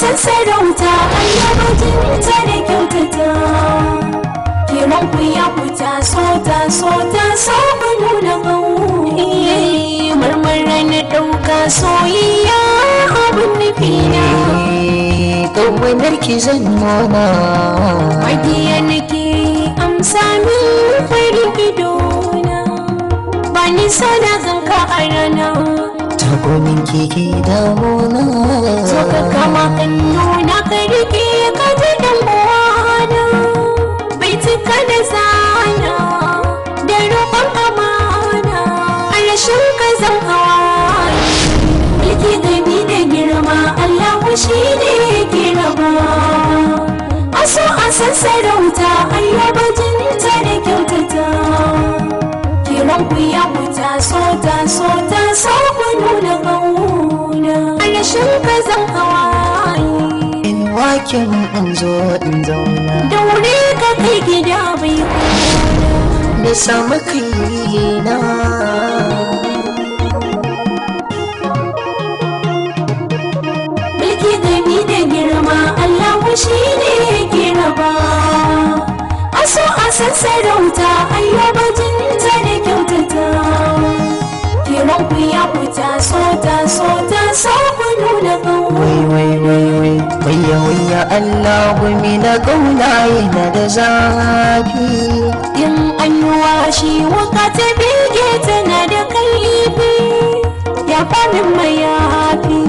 san sarauta annaba kinta da kyautata kiran ku ya ku taso taso taso ku nuna marmara na ɗauka soyayya abin nufi na ƙaunar ki zan nuna magiya nake amsa min farin na. ba nisa da zanka a ranar. Gumin keke damuna So ka kama kan na ka rike ka ji dan uwana Bai da sana da roƙon amana A rashin ka zan hawa Yake da girma Allah shi ne ke raba Aso a san sarauta Allah kiran in zo in zauna daure ka kai gida bai kona da samu kai na gumi mina kauna yana da zafi in an yi washi wakati bege tana da kaifi ya famin mayafi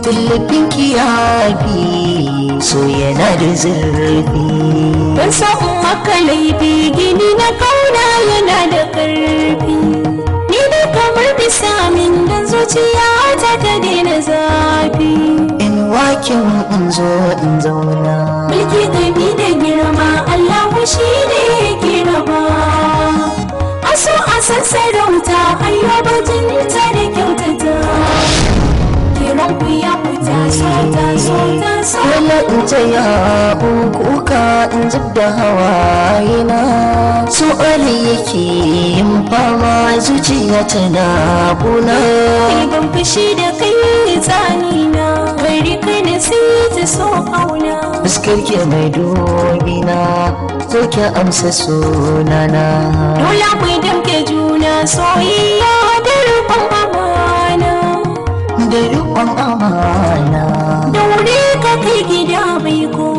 tallafin kiyafi so yana da zurfi ban sa'un makalai gini na kauna yana da karfi ni da kamar bisa min dan zuciya ta ta daina zafi kin in zo in zauna mulki gani da girma Allah shi ne girma aso a san sarauta Allah bajin ta da kyautata kiran ku ya ku taso taso taso wala in ce ya kuka in zub da hawa yana. su ali yake yin fama zuciya tana kuna idan fushi da kai tsani na amsa so auna fuskar ki mai domina ko ki amsa sunana dole mu damke juna soyayya da rubon amana da rubon amana da wuri ka kai gida mai ko